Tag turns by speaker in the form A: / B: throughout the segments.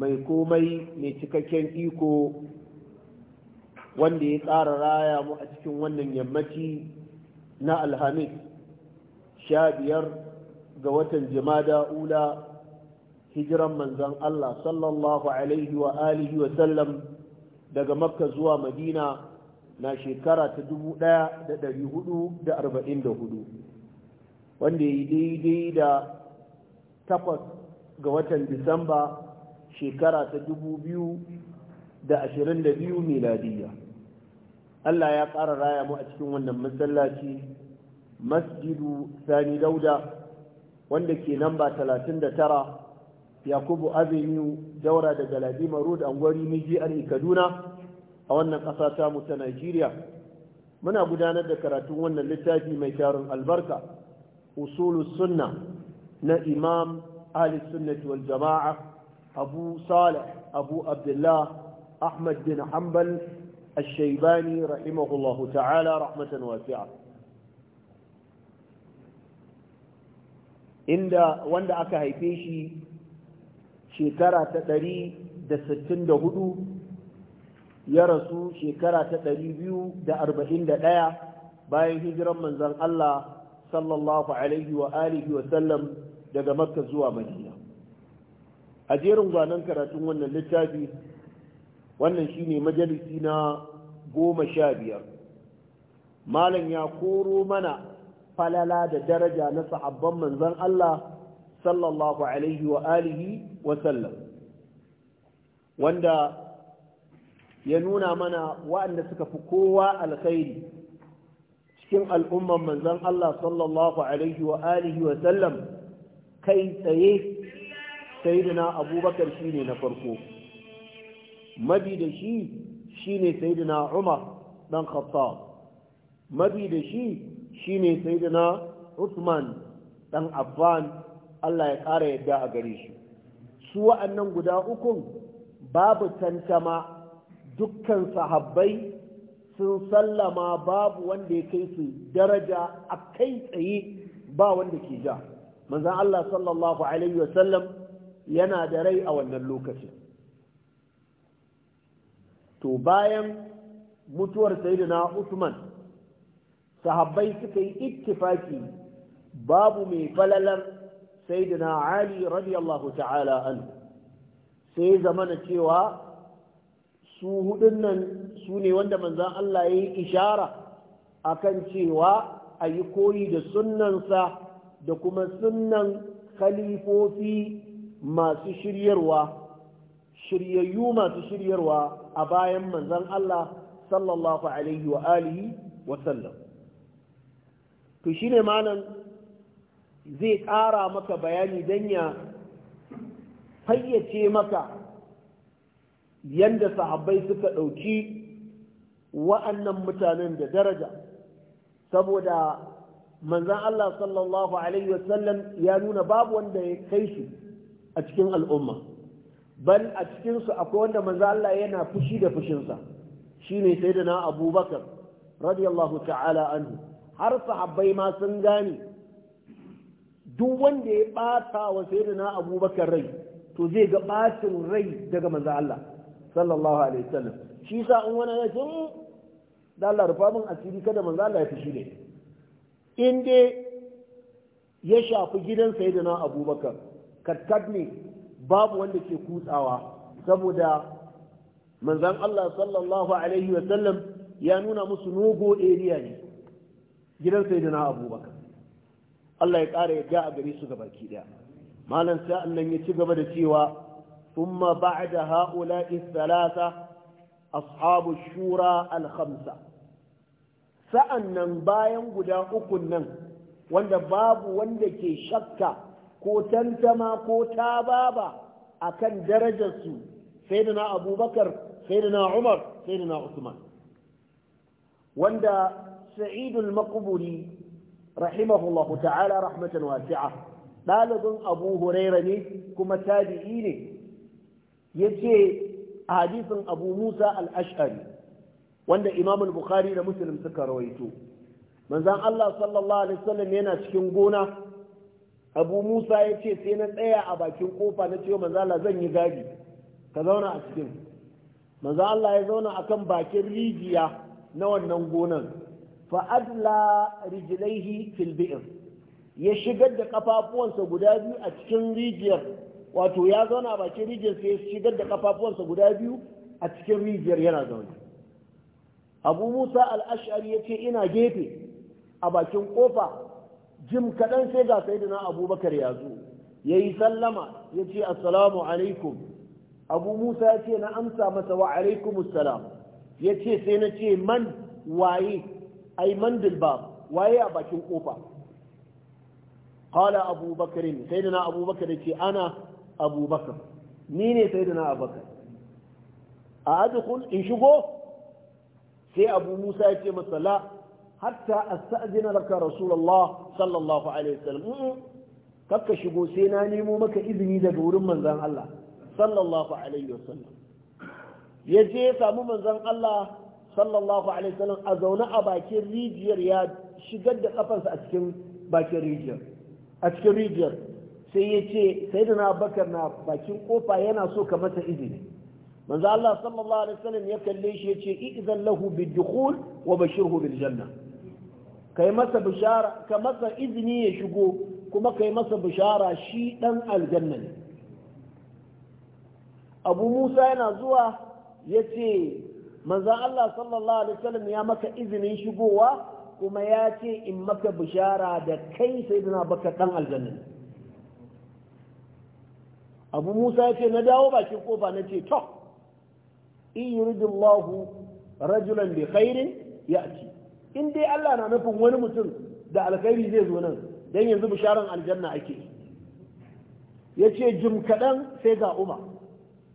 A: mai komai mai cikakken iko wanda ya tsara raya mu a cikin wannan yammaci na alhamis sha biyar ga watan jimada ula hijiran manzan Allah sallallahu alaihi wa alihi wa sallam daga makka zuwa madina na shekara ta dubu ɗaya da hudu da arba'in da hudu, wanda ya yi daidai da takwas ga watan disamba shekara ta 2022 miladiya Allah ya ƙara raya mu a cikin wannan masallaci masjidu sani dauda wanda ke namba 39 yakubu avenue daura daga Ladima road angwari mijiyar kaduna a wannan ƙasa tamu ta nigeria muna gudanar da karatun wannan littafi mai tarin albarka usulu sunna na imam ahli sunnati wal jama'a أبو صالح أبو عبد الله أحمد بن حنبل الشيباني رحمه الله تعالى inda wanda aka haife shi shekara ta ɗari da sittin da hudu ya rasu shekara ta ɗari biyu da arba'in da ɗaya bayan hijiran manzan Allah sallallahu alaihi wa alihi daga makka zuwa madina a jerin gwanon karatun wannan littafi wannan shine majalisi na goma sha biyar malam ya koro mana falala da daraja na sahabban manzon Allah sallallahu alaihi wa alihi wa sallam wanda ya nuna mana waɗanda suka fi kowa alkhairi cikin al'umman manzon Allah sallallahu alaihi wa alihi wa sallam kai tsaye Sa'idina abubakar shine na farko mabi da shi shine sayyidina umar dan khattab mabi da shi shine saidina usman dan affan Allah ya ƙara yadda a gare shi su wa'annan guda uku babu tantama dukkan sahabbai sun sallama babu wanda ya kai su daraja a kai tsaye ba wanda ke ja manzan Allah sallallahu Alaihi wasallam yana da rai a wannan lokacin to bayan mutuwar sayyidina Usman sahabbai suka yi ittifaki babu mai falalar sayyidina Ali radiyallahu ta'ala anhu sai zamana cewa su hudun nan su ne wanda manzan Allah ya yi ishara akan cewa a yi koyi da sunnansa da kuma sunnan khalifofi masu shiryarwa shiryayyu masu shiryarwa a bayan manzon Allah sallallahu alaihi wa alihi wa sallam to shine malam zai ƙara maka bayani dan ya fayyace maka yadda sahabbai suka ɗauki wa'annan mutanen da daraja saboda manzan Allah sallallahu Alaihi ya nuna babu wanda ya kai shi. a cikin al'umma bal a cikinsu akwai wanda Manzala yana fushi da fushinsa shine sayyidina abubakar radiyallahu ta'ala anhu har sahabbai ma sun gane duk wanda ya ɓata wa sayyidina abubakar rai to zai ga ɓacin rai daga Manzala. sallallahu alaihi wasallam shi sa in wani ya ce hmm, rufa min asiri kada Manzala ya fushi ne in dai ya shafi gidan sayyidina abubakar katkat ne babu wanda ke kutsawa saboda manzan Allah sallallahu alaihi wasallam ya nuna musu nogo area ne gidan na abubakar Allah ya ƙara ya ja a gare su gabaki ɗaya malam sai nan ya ci gaba da cewa ثم بعد هؤلاء الثلاثة أصحاب الشورى الخمسة sa'an nan bayan guda ukun nan wanda babu wanda ke shakka ko tantama ko ta tababa akan darajarsu na abubakar na umar na usman wanda sa'idul maqburi rahimahullahu ta'ala rahmatan wasi'a ɗalibin abu huraira ne kuma tabi'i ne yace a hadisin abu musa al-ash'ari wanda imam bukhari da muslim suka rawaito manzon Allah sallallahu alaihi wasallam yana cikin gona abu musa ya ce sai na tsaya a bakin kofa na ce manzala zan yi gadi ka zauna a cikin manzo Allah ya zauna akan bakin rijiya na wannan gonan fa adla rijlaihi fil bi'r ya shigar da kafafuwansa guda biyu a cikin rijiyar wato ya zauna a bakin rijiyar sai ya shigar da kafafuwansa guda biyu a cikin rijiyar yana zauna abu musa al-ash'ari ya ce ina gefe a bakin kofa jim kaɗan sai ga sayyidina abubakar ya zo ya yi sallama ya ce assalamu alaikum abu musa ya ce na amsa masa wa alaikum assalam ya ce sai na ce man waye ai man dilbab waye a bakin kofa qala abubakar sayyidina abubakar ya ce ana abubakar ni ne sayyidina abubakar a adkhul in shigo sai abu musa ya ce masa la hatta asta'zina laka rasulullah sallallahu alaihi wasallam kakka shigo sai na nemo maka izini daga wurin manzon Allah sallallahu alaihi wasallam ya je ya samu manzon Allah sallallahu alaihi wasallam a zaune a bakin rijiyar ya shigar da kafansa a cikin bakin rijiyar a cikin rijiyar sai yace ce sai na bakar na bakin kofa yana so ka mata izini manzo Allah sallallahu alaihi wasallam ya kalle shi yace ce idan lahu bidukhul wa bashirhu bil janna kai masa bishara ka masa izini ya shigo kuma kai masa bishara shi dan aljanna ne abu musa yana zuwa ya ce manzan allah sallallahu alaihi wasallam ya maka izinin shigowa kuma ya ce in maka bishara da kai sai dana baka dan aljanna ne abu musa ya ce na dawo bakin kofa na ce to in yuridillahu rajulan bi khairin ya'ti in dai Allah na nufin wani mutum da alkhairi zai zo nan dan yanzu bisharan aljanna ake yace jim kadan sai ga Umar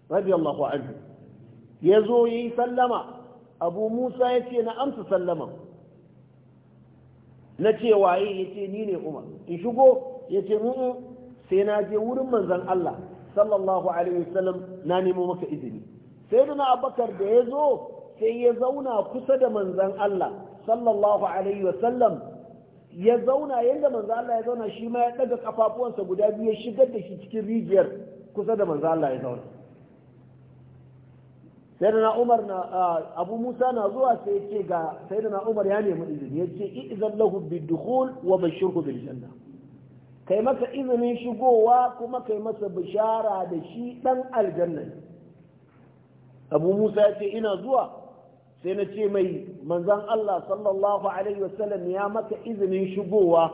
A: radiyallahu anhu yazo yi sallama Abu Musa yace na amsa sallama na ce waye yace ni ne Umar in shigo yace mu mm, mm. sai na je wurin manzon Allah sallallahu alaihi wasallam na nemo maka izini sai na abakar da ya zo sai ya zauna kusa da manzan Allah sallallahu alaihi wasallam ya zauna yadda manzo Allah ya zauna shi ma ya daga kafafuwansa guda biyu ya shigar da shi cikin rijiyar kusa da manzo Allah ya zauna sayyidina Umar na Abu Musa na zuwa sai yace ga sayyidina Umar ya nemi izini yace idzan lahu bidukhul wa bashirhu bil janna kai masa izinin shigowa kuma kai masa bishara da shi dan aljanna Abu Musa yace ina zuwa sai na ce mai manzan Allah sallallahu alaihi wasallam ya maka izinin shigowa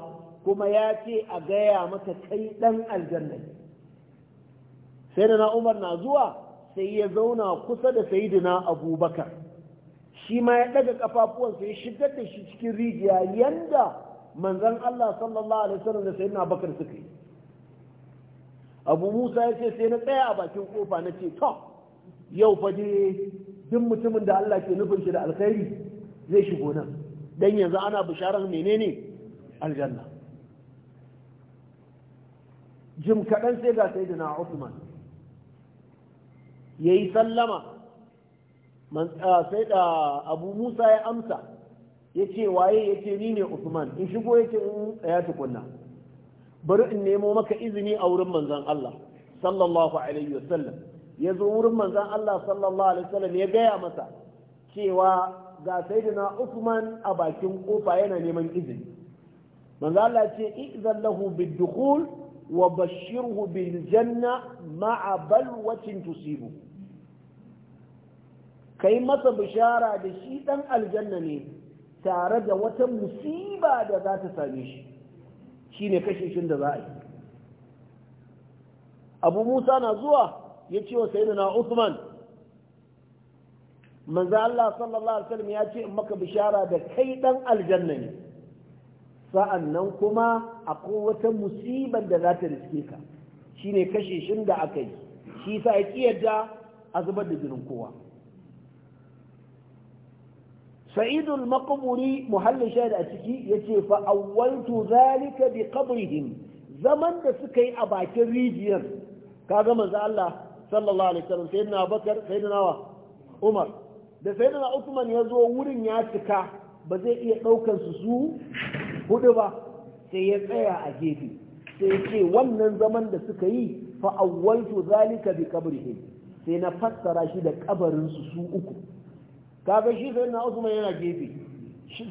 A: kuma ya ce a gaya maka kai ɗan aljanna sai da na umar na zuwa sai ya zauna kusa da sayidina abubakar shi ma ya ɗaga ƙafafuwansa ya shigar da shi cikin rijiya yanda manzan Allah sallallahu alaihi wasallam da sayidina abubakar suka yi abu musa ya ce sai na tsaya a bakin kofa na ce to yau fa dai duk mutumin da Allah ke nufin shi da alkhairi zai shigo nan dan yanzu ana bisharar menene aljanna jim kaɗan sai ga sai dina Uthman ya yi sallama sai da abu musa ya amsa ya ce waye ya ce ni ne Uthman in shigo ya ce in mm, ya tukunna bari in nemo maka izini a wurin manzan Allah sallallahu alaihi wasallam ya zo wurin manzan Allah sallallahu alaihi wasallam ya gaya masa cewa ga sayyidina Usman a bakin kofa yana neman izini manzan Allah ce izan lahu bid-dukhul wa bashirhu bil janna ma'a balwatin tusibu kai masa bishara da shi dan aljanna ne tare da wata musiba da za ta same shi shine kashe shin da za a yi abu musa na zuwa ya ce wa sayyidina Uthman manzo Allah sallallahu alaihi wasallam ya ce in maka bishara da kai ɗan aljanna ne nan kuma akwai wata musibar da za ta riske ka shine kashe shin da aka yi shi sa ya kiyarda a zubar da birin kowa sa'idul maqburi muhallin shahid a ciki yace fa awwaltu zalika bi qabrihim zaman da suka yi a bakin rijiyar kaga manzo Allah sallallahu alaihi wasallam sayyidina Abakar, sayyidina wa umar da sayyidina usman ya zo wurin ya cika ba zai iya ɗaukar su su hudu ba sai ya tsaya a gefe sai ce wannan zaman da suka yi fa awwaltu zalika bi qabrihim sai na fassara shi da kabarin su su uku kaga shi sayyidina usman yana gefe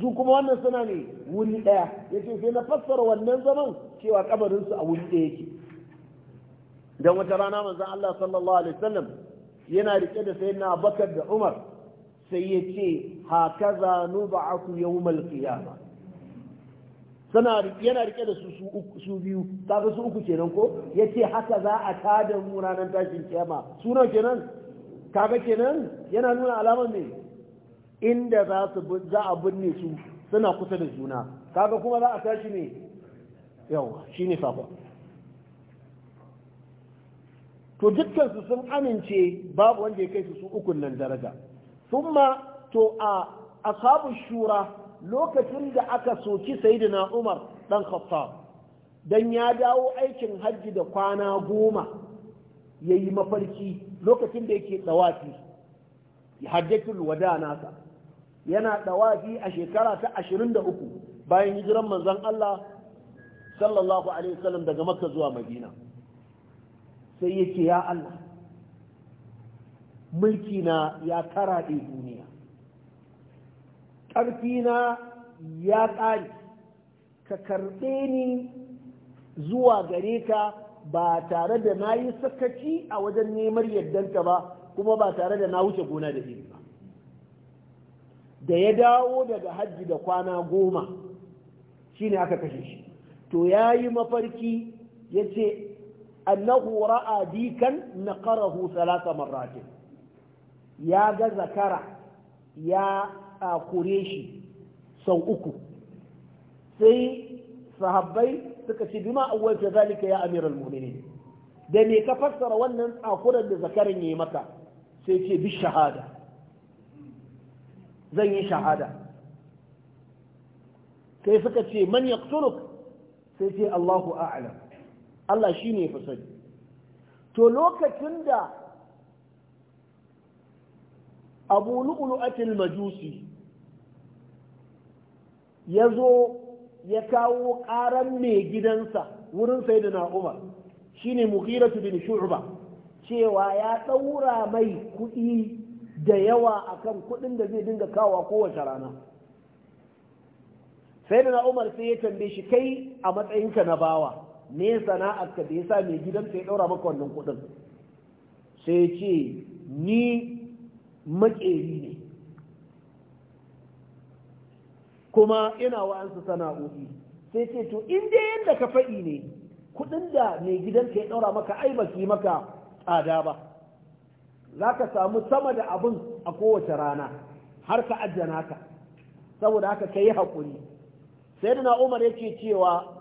A: su kuma wannan suna ne wuri daya yace sai na fassara wannan zaman cewa kabarin su a wuri daya yake dan wata rana manzon Allah sallallahu alaihi wasallam yana rike da sayyidina Abubakar da Umar sai yace hakaza nub'athu yawmal qiyamah sana yana rike da su su biyu kaga su uku kenan ko yace haka za a tada mu ranar tashin kiyama su kenan kaga kenan yana nuna alamar ne inda za su za a binne su suna kusa da juna kaga kuma za a tashi ne yawa shine safa to dukkansu sun amince babu wanda ya kai su su ukun nan daraja thumma to a ashabu shura lokacin da aka soki sayyidina Umar dan Khattab dan ya dawo aikin hajji da kwana goma yayi mafarki lokacin da yake tsawafi hajjatul wada nasa yana ɗawafi a shekara ta 23 bayan hijiran manzon Allah sallallahu alaihi wasallam daga Makka zuwa Madina sai ya ya Allah mulki na ya karaɗe duniya ƙarfi na ya ƙare ka karɓe ni zuwa gare ka ba tare da na yi sakaci a wajen neman yardanka ba kuma ba tare da na wuce gona da iri ba da ya dawo daga hajji da kwana goma shine aka kashe shi to ya yi mafarki ya ce annahu ra'a dikan naqarahu thalatha marratin ya ga zakara ya kure shi sau uku sai sahabbai suka ce bima awwal zalika ya amiral mu'minin da me ka fassara wannan tsakuran da zakarin yayi maka sai ce bi shahada zan yi shahada Kai suka ce man yaqtuluk sai ce Allahu a'lam Allah shi ne fasari to lokacin da abu Atil majusi ya zo ya kawo ƙaran mai gidansa wurin sai da na'umar shi ne Mukiratu bin shu'ba cewa ya ɗaura mai kuɗi da yawa a kan kuɗin da zai dinga kawo kowace rana sai da na'umar sai ya tambaye shi kai a matsayinka na bawa me sana'ar ka da yasa mai ka ya daura maka wannan kuɗin? sai ce ni maƙeri ne kuma ina wa'ansu sana'o'i sai ce to in dai yadda ka faɗi ne kuɗin da mai ka ya ɗaura maka ai yi maka tsada ba za ka samu sama da abin a kowace rana har ka ajjana ka saboda haka ka yi haƙuri sai na umar yake cewa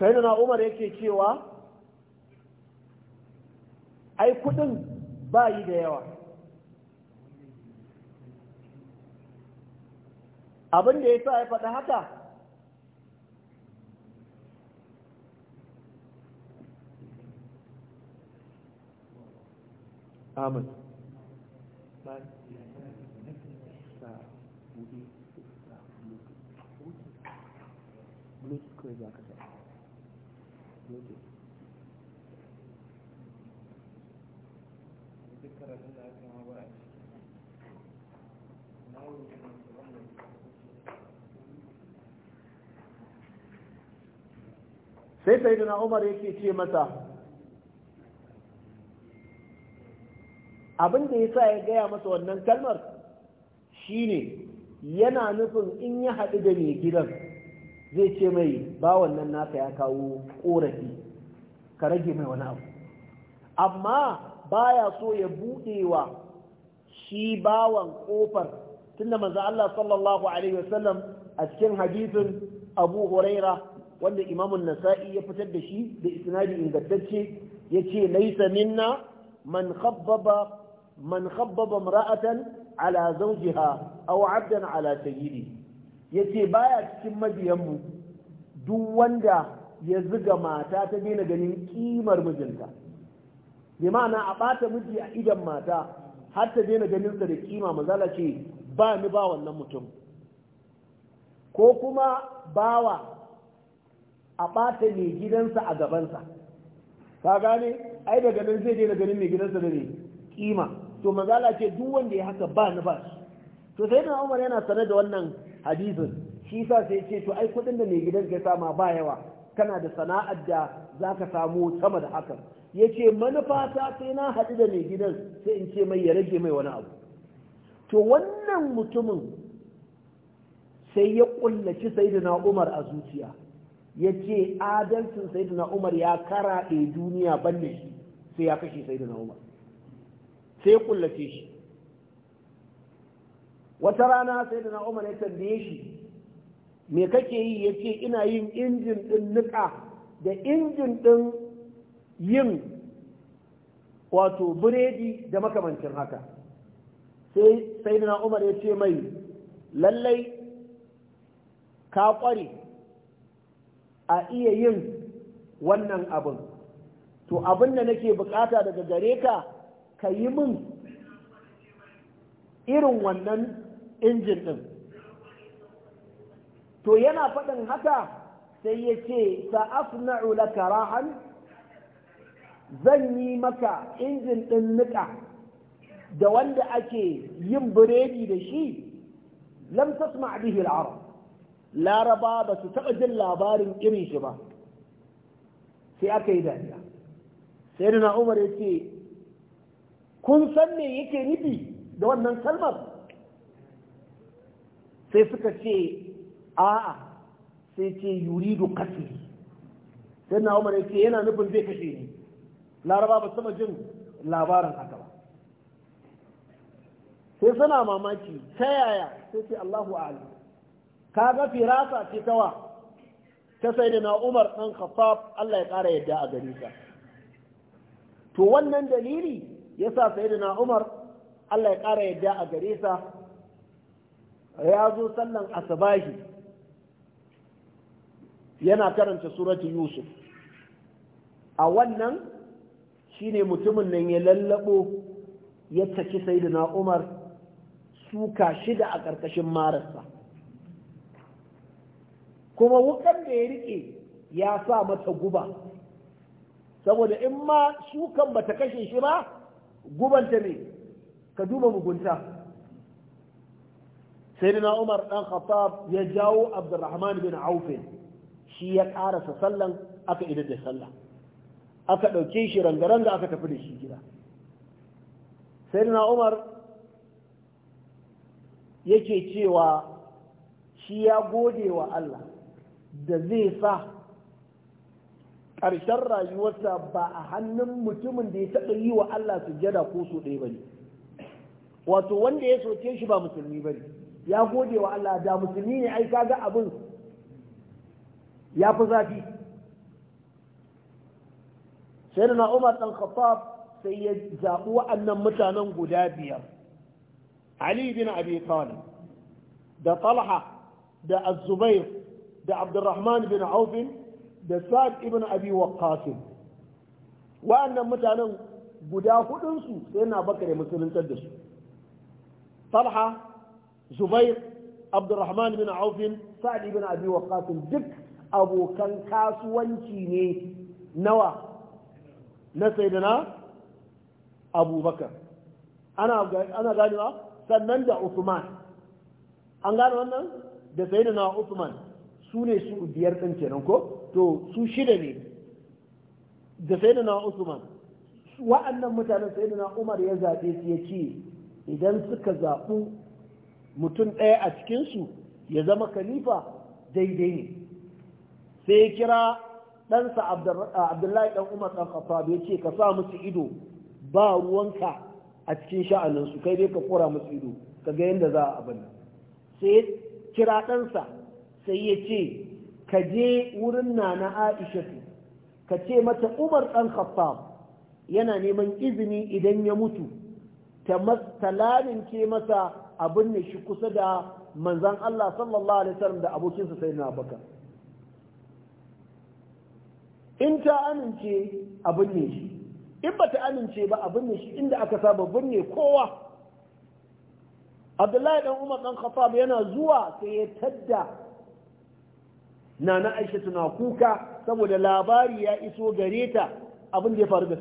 A: sayyidina umar yake cewa ai kudin ba yi da yawa abin da ya sa ya faɗi haka amin Bluetooth kawai za ka sa. sai sai da umar yake ce masa abinda ya sa ya gaya masa wannan kalmar shine yana nufin in ya haɗu da mai gidan zai ce mai bawan nan naka ya kawo korafi ka rage mai wani abu amma baya so ya buɗewa shi bawan kofar tunda manzo Allah sallallahu alaihi wasallam a cikin hadisin Abu Huraira wanda Imam nasai ya fitar da shi da isnadi ingantacce yace laysa minna man khabbaba man khabbaba imra'atan ala zawjiha aw 'abdan ala sayyidi ya ce baya cikin mabiyanmu duk wanda ya ziga mata ta daina ganin kimar mijinta bi ma'ana a ɓata miji a idan mata har ta daina ganin da kima mazala ce ba ni ba wannan mutum ko kuma bawa a ɓata mai gidansa a gabansa ta gane ai daga nan zai daina ganin mai gidansa da ne kima to mazala ce duk wanda ya haka ba ni ba shi sai da umar yana sanar da wannan Hadizin shi sa sai ce to ai kuɗin da mai gidan ka sama ba yawa kana da sana'ar da zaka samo samu sama da hakan yace manufata manufa ta sai na haɗu da mai gidan sai in ce mai ya rage mai wani abu to wannan mutumin sai ya kullaci sayyidina umar a zuciya yace ce adalcin sayyidina umar ya kara a duniya balle shi sai ya kashe sayyidina umar sai ya kullace shi wata rana sai da na umar ya tambaye shi me kake yi ya ce ina yin injin ɗin niƙa da injin ɗin yin wato biredi da makamancin haka sai sai na umar ya ce mai lallai ka ƙware a iya yin wannan abin to abin da nake bukata daga gare ka ka yi min irin wannan injin ɗin to yana faɗin haka sai ya ce sa'afna'u laka rahan zan yi maka injin ɗin niƙa da wanda ake yin biredi da shi lam tasma bihi al-arab laraba ba su taɓa jin labarin irin shi ba sai aka yi dariya sai na umar ya ce kun san me yake nufi da wannan kalmar sai suka ce a'a sai ce yuridu kasi sai na umar ce yana nufin zai kashe ni laraba ba sama jin labarin haka ba sai suna mamaki ta yaya sai ce allahu Ka ga firasa ce tawa ta sai da na umar ɗan khattab allah ya ƙara yadda a gare ka to wannan dalili yasa sai da na umar allah ya ƙara yadda a gare sa ya zo sallan asabahi yana karanta suratu yusuf a wannan shine mutumin nan ya lallabo ya saki sayyidina umar suka shida a ƙarƙashin marasa. kuma wukan da ya riƙe ya sa mata guba saboda in ma shukan bata kashe shi ba gubanta ne ka duba mugunta sayyidina umar dan khattab ya jawo Abdulrahman bin auf shi ya karasa sallan aka idar da sallah aka dauke shi rangaranga aka tafi da shi gida sayyidina umar yake cewa shi ya gode wa Allah da zai sa ƙarshen rayuwarsa ba a hannun mutumin da ya taɓa yi wa Allah sujjada ko so ɗaya ba ne wato wanda ya soke shi ba musulmi ba ne ya gode wa Allah da musulmi ne ai kaga abin ya fi zafi sai na umar ɗan khattab sai ya zaɓi wa'annan mutanen guda biyar ali bin abi talib da talha da azubair da abdurrahman bin aufin da sad ibn abi wa'annan mutanen guda su sai na bakare musuluntar da su talha zubair abdurrahman bin aufin sa'ad bin abi waqas duk abokan kasuwanci ne nawa na sayyidina abubakar ana ana ganewa sannan da usman an gano wannan da sayyidina usman su ne su biyar ɗin kenan ko to su shida ne da sayyidina usman wa'annan mutanen sayyidina umar ya zaɓe su ya ce idan suka zaɓu mutum ɗaya a cikinsu ya zama kalifa daidai ne sai ya kira ɗansa abdullahi ɗan umar ɗan khattab ya ce ka sa musu ido ba ruwanka a cikin sha'aninsu kai dai ka kora musu ido ka ga yadda za a abin sai ya kira ɗansa sai ya ce ka je wurin na aisha ka ce mata umar ɗan khattab yana neman izini idan ya mutu ta lalince masa abin ne shi kusa da manzan Allah sallallahu alaihi wasallam da abokinsa sai na baka in ta amince abin ne shi in ba ta amince ba abin ne shi inda aka saba binne kowa abdullahi ɗan umar ɗan khattab yana zuwa sai ya tadda nana aisha tana kuka saboda labari ya iso gare ta abin da ya faru da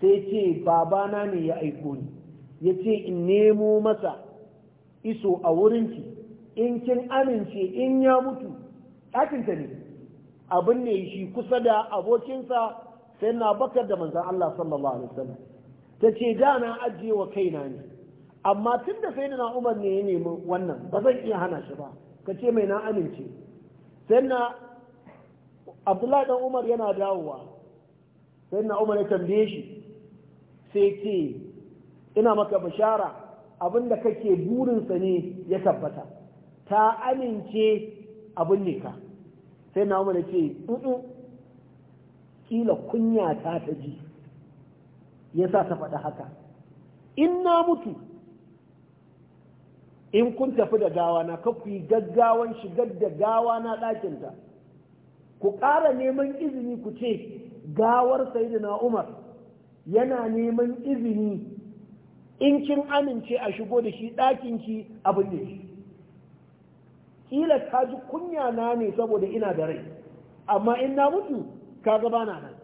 A: sai ce babana ne ya aiko ni ya ce in nemo masa iso a wurinki in kin amince in ya mutu ɗakinta ne abin ne shi kusa da abokinsa sai na bakar da manzan Allah sallallahu alaihi wasallam ta ce da na ajiye wa kaina ne amma tun da sai na umar ne ya nemi wannan ba zan iya hana shi ba ka ce mai na amince sai na abdullahi dan umar yana dawowa sai na umar ya tambaye shi sai ce ina maka bishara abin da kake burinsa ne ya tabbata ta amince abin ne ka sai na umar ce ɗuɗu ƙila kunya ta ta ji ya sa ta faɗi haka in na mutu in kun tafi da gawana ka ku yi gaggawan shigar da gawa gawana ɗakinta ku ƙara neman izini ku ce gawar na umar yana neman izini in kin amince a shigo da shi ɗakinki abin ne Ƙila ta ji kunya na ne saboda ina da rai amma in na mutu ka gaba na nan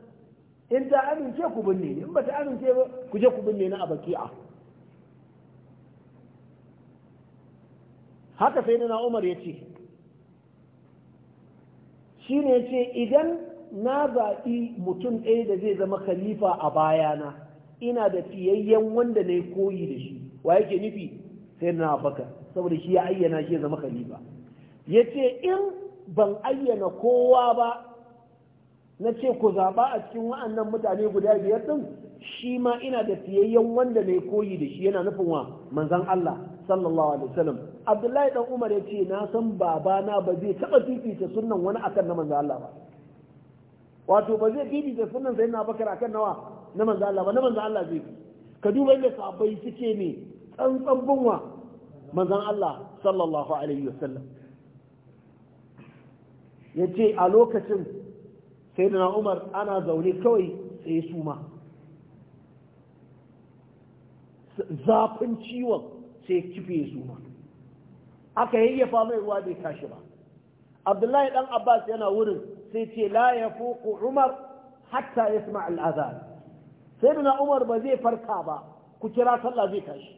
A: in ta amince ku binne in ba ta amince ba ku je ku binne na a baki'a haka sai na umar ya ce shi ne ce idan na zaɓi mutum ɗaya da zai zama khalifa a bayana ina da fiyayyen wanda na koyi da shi wa yake nufi sai na baka. saboda shi ya ayyana shi ya zama khalifa ya ce in ban ayyana kowa ba na ce ku zaɓa a cikin wa'annan mutane guda biyar ɗin shi ma ina da fiyayyen wanda na koyi da shi yana nufin wa manzan Allah sallallahu alaihi wasallam Abdullahi dan Umar ya ce na san babana ba zai taɓa fifita sunan wani akan na manzan Allah ba wato ba zai fifita sunan sai na bakar akan nawa na manzo Allah ba na manzo Allah zai bi ka duba yadda sahabbai suke ne tsantsan bunwa Manzan Allah sallallahu alaihi wasallam yace a lokacin sayyidina Umar ana zaune kawai sai su ma zafin ciwon sai kife su ma aka yayyafa mai ruwa bai tashi ba abdullahi dan abbas yana wurin sai ce la ya fuku umar hatta ya sama al'azan sai na umar ba zai farka ba ku kira sallah zai tashi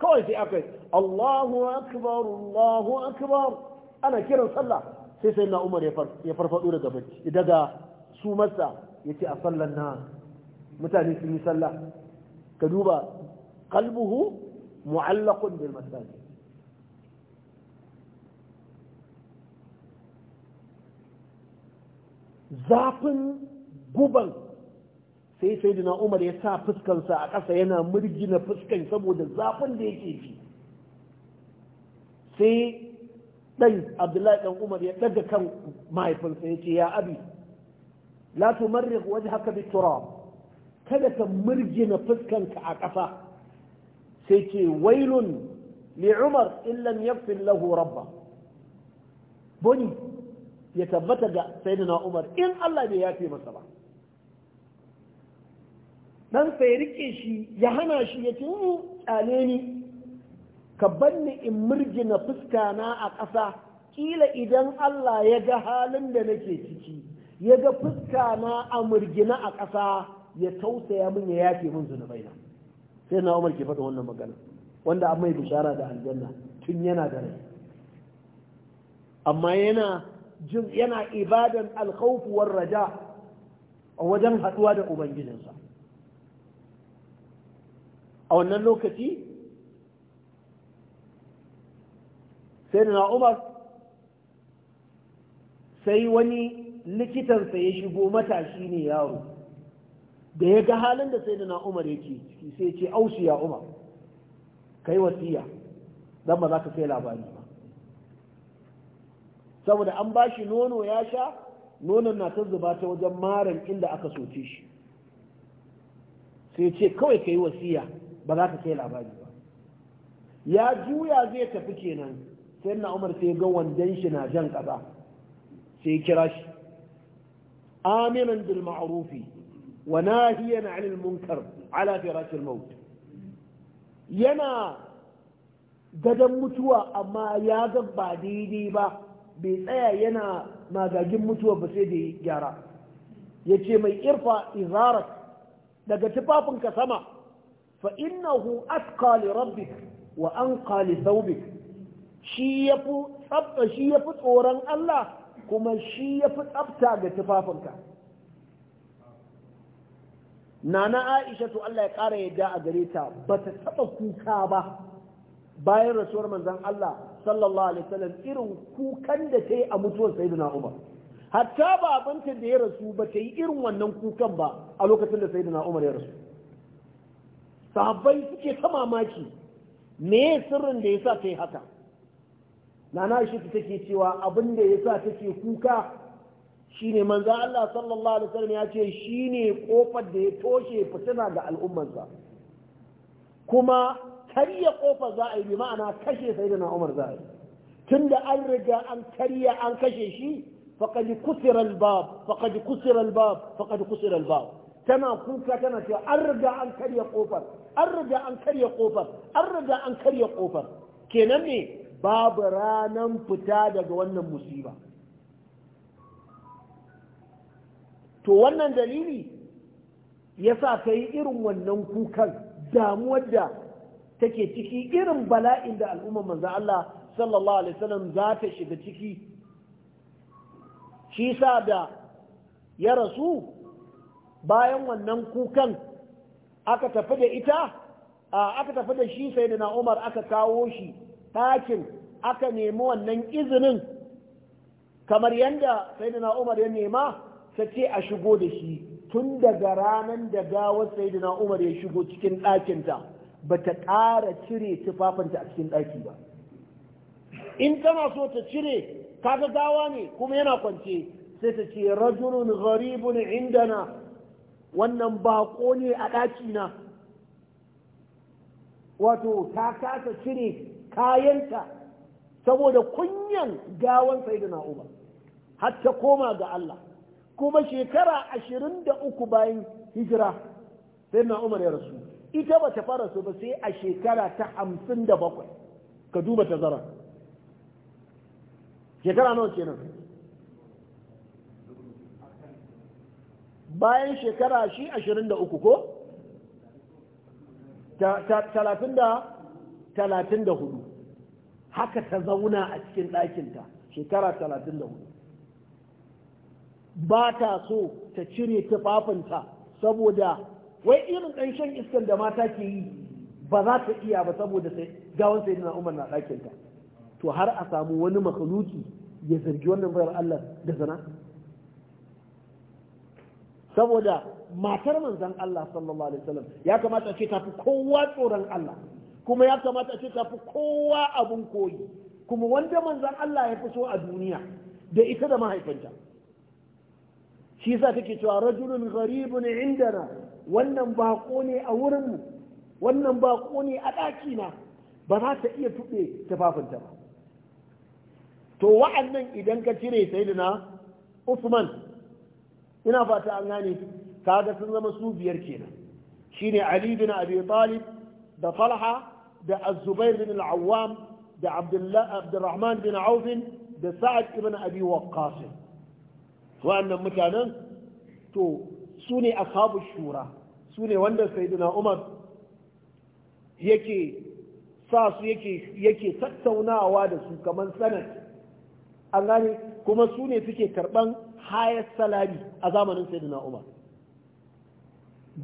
A: kawai sai aka Allahu akbar Allahu akbar ana kiran sallah sai sai na umar ya farfado daga bacci daga su masa yace a sallan na mutane sun yi sallah ka duba qalbuhu mu'allakun bil masajid zafin guban sai sai umar ya sa fuskansa a ƙasa yana murgina fuskan saboda zafin da yake ji sai ɗan abdullahi ɗan umar ya ɗaga kan mahaifinsa ya ce ya abi la haka wajhaka biturab kada ka murgina fuskanka a ƙasa sai ce wailun li umar illam yaghfir lahu rabba boni ya tabbata ga sayyidina umar in Allah bai yafe masa ba dan sai rike shi ya hana shi ya ce tsale mm, ni ka banni in murgina fuska na a ƙasa Ƙila idan Allah ya ga halin da nake ciki ya ga fuska na a murgina a ƙasa ya tausaya min ya yafe min zunubai na sai na Umar ke faɗa wannan magana wanda an mai bishara da aljanna tun yana da rai amma yana jin yana ibadan alkhawf war raja a wajen haɗuwa da ubangijinsa a wannan lokaci sai da sai wani likitansa ya shigo matashi ne yaro da ya ga halin da sai na umar yake sai ce aushi ya umar yi wasiya don ba za ka sai labari ba saboda an ba shi nono ya sha nonon na ta zuba ta wajen maran inda aka soce shi sai ce kawai ka yi wasiya ba za ka kai labari ba ya juya zai tafi kenan sai na umar sai ga wandan shi na jan kaza sai kira shi aminan bil ma'rufi wa nahiyan 'anil munkar ala firash al maut yana gadan mutuwa amma ya ga ba daidai ba bai tsaya yana magagin mutuwa ba sai da gyara Yace mai irfa izarat daga tufafinka sama fa innahu atqa wa anqa shi yafi fi tsoron Allah kuma shi yafi tsabta ga tufafinka nana Aisha to Allah ya ƙara yadda a gare ta bata taɓa kuka ba bayan rasuwar manzon Allah sallallahu alaihi wasallam irin kukan da ta yi a mutuwar sayyidina Umar hatta babanta da ya rasu ba ta yi irin wannan kukan ba a lokacin da sayyidina Umar ya rasu sahabbai suke ta mamaki me sirrin da yasa ta yi haka nana shi take cewa abin da yasa take kuka ne manza Allah sallallahu alaihi wasallam ya ce ne kofar da ya toshe fitina ga al'ummarsa kuma karya kofar za a yi ma'ana kashe sayyidina Umar za a yi tunda an riga an karya an kashe shi faqad kusira al-bab faqad ba, al-bab faqad tana kuka tana cewa an riga an karya kofar an riga an karya kofar an riga an karya kofar kenan ne babu ranan fita daga wannan musiba to wannan dalili ya sa ka yi irin wannan kukan damuwar da take ciki irin bala'in da al'umma manzan Allah sallallahu alaihi wasallam za ta shiga ciki shi sa da ya rasu bayan wannan kukan aka tafi da ita aka tafi da shi sai na umar aka kawo shi ɗakin aka nemi wannan izinin kamar yadda sai na umar ya nema ta ce a shigo da shi tun daga ranar da gawar sai na umar ya shigo cikin ɗakinta ba ta ƙara cire tufafinta a cikin ɗaki ba in tana so ta cire kaga gawa ne kuma yana kwance sai ta ce rajulun gharibun indana wannan bako ne a ɗaki na? wato ta kasa cire kayanta saboda kunyan gawan sai da na'uba har koma ga Allah kuma shekara ashirin da uku bayan hijira sai na umar ya rasu ita ba ta fara su ba sai a shekara ta hamsin da bakwai ka duba tazara shekara nawa kenan bayan shekara shi ashirin da uku ko? talatin da talatin da hudu haka ta zauna a cikin ɗakinta shekara talatin da hudu ba ta so ta cire tufafinta saboda wai irin ɗan shan iskan da mata ke yi ba za ta iya ba saboda gawan sai na umar na ɗakinta to har a samu wani makaluki ya zargi wannan bayar Allah da zana saboda matar manzon Allah sallallahu alaihi wasallam ya kamata ce tafi kowa tsoron Allah kuma ya kamata ce tafi kowa abun koyi kuma wanda manzon Allah ya fi so a duniya da ita da mahaifanta? shi yasa take cewa rajulun gharibun indana wannan bako ne a wurinmu wannan bako ne a ɗakina ba za ta iya tuɓe tufafinta ba to wa'annan idan ka cire sai na Usman ina fata an gane kaga sun zama su biyar kenan shine ali bin abi talib da talha da az-zubair bin al-awwam da abdullah abdurrahman bin auf da sa'ad ibn abi waqqas wa'annan mutanen to su ne ashabu shura su ne wanda sayyidina umar yake sa su yake yake tattaunawa da su kamar sanad an gane kuma su ne suke karban highest salary a zamanin sayyidina Umar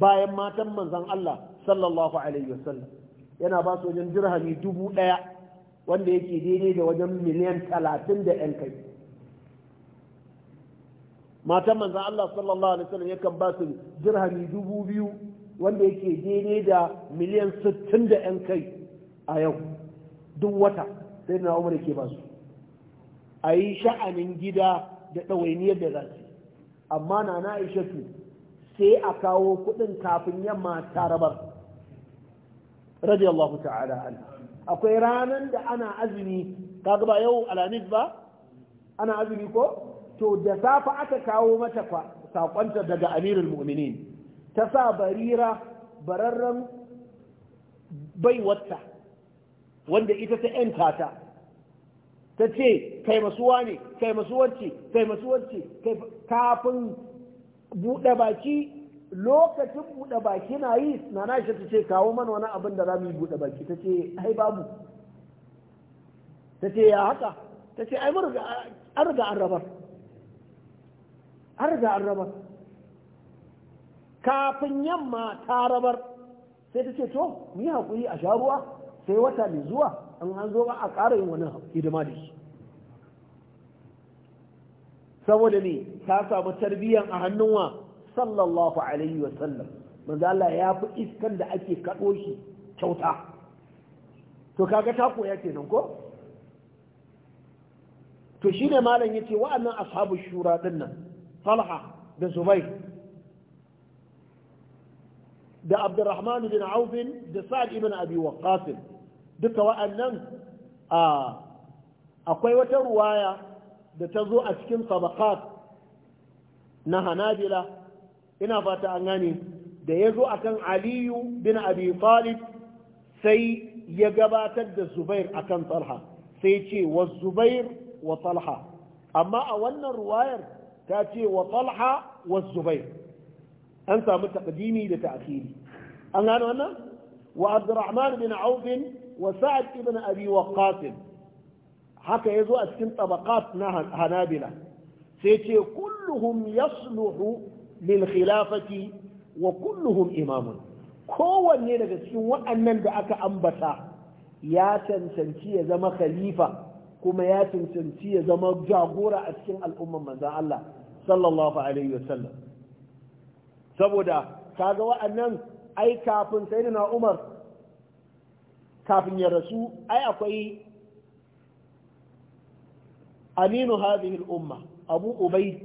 A: bayan matan manzon Allah sallallahu alaihi wasallam yana ba su wajen dirhami dubu ɗaya wanda yake daidai da wajen miliyan talatin da ‘yan kai matan manzan Allah sallallahu alaihi wasallam yakan ba su dirhami dubu biyu wanda yake daidai da miliyan sittin da ‘yan kai a yau duk wata Sayyidina umar yake ba su a yi sha'anin gida da ɗawainiyar da za su amma na na aishatu sai a kawo kuɗin kafin yamma ta rabar radiyallahu ta'ala an akwai ranar da ana azumi kaga ba yau alhamis ba ana azumi ko to da safa aka kawo mata sakonta daga amirul mu'minin ta sa barira bararren baiwarta wanda ita ta 'yan ta ta ce kai masuwa ne kai masuwarci kai masuwarci kafin buɗe baki lokacin buɗe baki na yi na nashi ta ce kawo mana wani abin da za mu yi buɗe baki ta ce ai babu ta ce ya haka ta ce ai mun riga an rabar an riga an rabar kafin yamma ta rabar sai ta ce to mu yi haƙuri a sha ruwa sai wata mai zuwa an an zo ba a ƙara yin wani hidima da shi saboda ne ta samu tarbiyyan a hannun wa sallallahu alaihi wa sallam manzo Allah ya fi iskan da ake kaɗo shi kyauta to kaga ta koya kenan ko to shine malam yace wa'annan ashabu shura nan. Talha da Zubair da Abdurrahman bin Auf da Sa'd ibn Abi Waqqas duka wa'annan a akwai wata ruwaya da ta zo a cikin sabakat na hanabila ina fata an gane da ya zo a kan aliyu bin abi talib sai ya gabatar da zubair a kan talha sai ce wa zubair wa talha amma a wannan ruwayar ta ce wa talha wa zubair an samu taƙadimi da ta'asiri an gane wannan wa abdurrahman bin aufin wa sa'ad ibn abi waqqas haka yazo a cikin tabaqat na hanabila sai ce kulluhum yasluhu lil khilafati wa kulluhum imamun kowanne daga cikin wa'annan da aka ambata ya cancanci ya zama khalifa kuma ya cancanci ya zama jagora a cikin al'umman manzan Allah sallallahu alaihi wasallam saboda kaga wa'annan ai kafin sayyidina Umar kafin ya rasu ai akwai aminu hadhihi al-umma abu ubay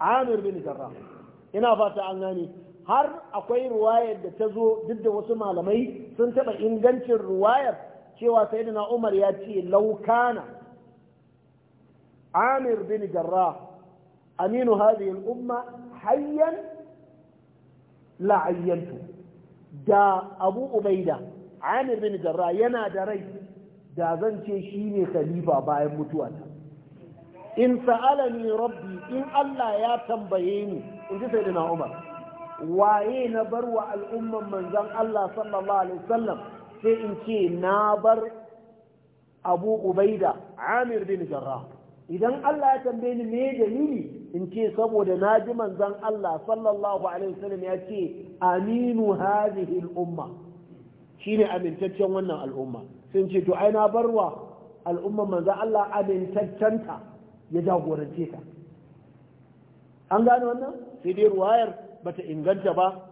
A: amir bin jarrah ina fata an gane har akwai ruwayar da ta zo duk da wasu malamai sun taɓa ingancin ruwayar cewa sayyidina umar ya ce laukana amir bin jarrah aminu hadhihi al-umma hayyan la'ayyantu da abu ubaida amir bin jarra yana da rai da zan ce shi ne khalifa bayan mutuwata in sa'alani rabbi in Allah ya tambaye ni in ji sai umar waye na bar wa al'umman manzan Allah sallallahu alaihi wasallam sai in ce na bar abu ubaida amir bin jarra idan Allah ya tambaye ni me dalili in ce saboda na ji manzan Allah sallallahu alaihi wasallam ya ce aminu hadhihi al'umma umma shine amintaccen wannan al'umma sun ce to ai na barwa al'umma manzo Allah amintaccenta ya jagorance ta an gane wannan sai dai ruwayar bata inganta ba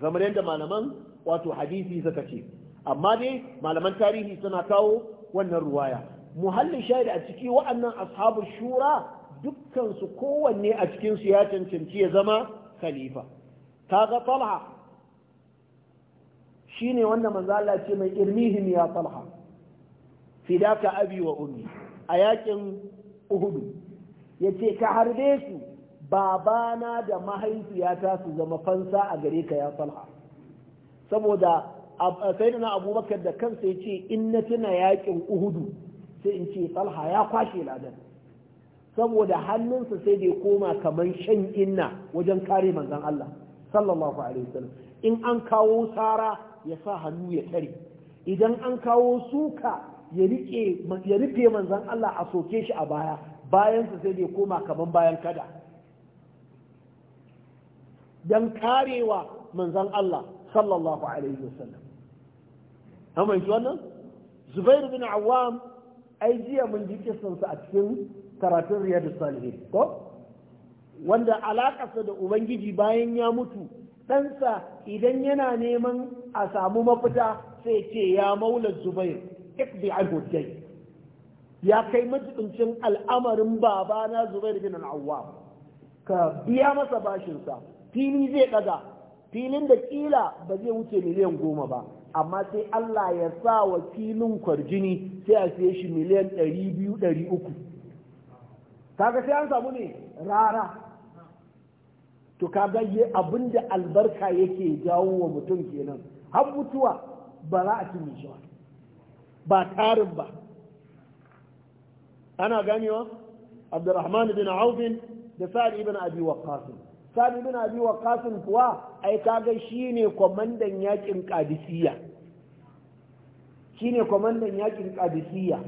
A: kamar yadda malaman wato hadisi suka ce amma dai malaman tarihi suna kawo wannan ruwaya muhallin shaida a ciki wa'annan ashabu shura dukkansu kowanne a cikinsu ya cancanci ya zama khalifa kaga talha Shi ne wanda manzo Allah ce mai irmihim ya talha fidaka abi wa ummi a yakin Ya yace ka harbe su babana da mahaifiyata su zama fansa a gare ka ya talha saboda na abubakar da kansa yace in na tuna yakin uhudu sai in ce talha ya kwashe ladan saboda hannunsa sai da ya koma kamar shan inna wajen kare manzon Allah sallallahu alaihi wasallam in an kawo sara ya sa hannu ya tare idan an kawo suka ya rufe manzan Allah a soke shi a baya bayansa sai ya koma kaman bayan kada dan karewa manzan Allah sallallahu alaihi wasallam amma shi wannan zubair bin awam ai jiya mun ji kisansa a cikin karatun riyadu salihin ko wanda alakarsa da ubangiji bayan ya mutu ɗansa idan yana neman a samu mafita sai ce ya maula zubair ikbi al-hujjai ya kai majibincin al'amarin babana zubair bin al'awwa ka biya masa bashinsa fili zai ɗaga filin da ƙila ba zai wuce miliyan goma ba amma sai Allah ya sa wa filin kwarjini sai a siye shi miliyan ɗari biyu ɗari uku kaga sai an samu ne rara to ka ye abin da albarka yake jawo wa mutum kenan har mutuwa ba za a cinye shi ba ba tarin ba ana ganewa abdurrahman bin aufin da sa'ad ibn abi waqqas sa'ad ibn abi waqqas kuwa ai kaga shine komandan yakin qadisiyya shine komandan yakin qadisiyya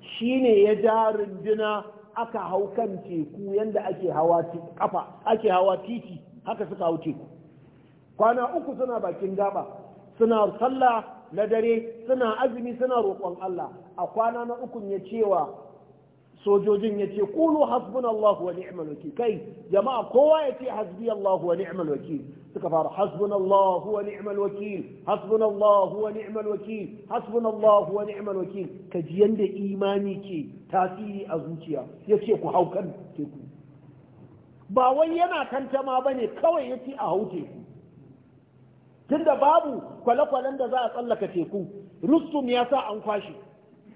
A: shine ya ja runduna aka hau kan teku yadda ake hawa kafa ake hawa titi haka suka hau teku kwana uku suna bakin gaba suna sallah na dare suna azumi suna roƙon Allah a kwana na ukun ya cewa sojojin ya ce kulu hasbunallahu wa ni'mal wakil kai jama'a kowa ya ce hasbiyallahu wa ni'mal wakil suka fara hasbunallahu wa ni'mal wakil hasbunallahu wa ni'mal wakil hasbunallahu wa ni'mal wakil ka ji yanda imani ke tasiri a zuciya ya ce ku haukan teku ba wai yana ba bane kawai ya ce a hau teku tunda babu kwale-kwalen da za a tsallaka teku rustum ya sa an kwashe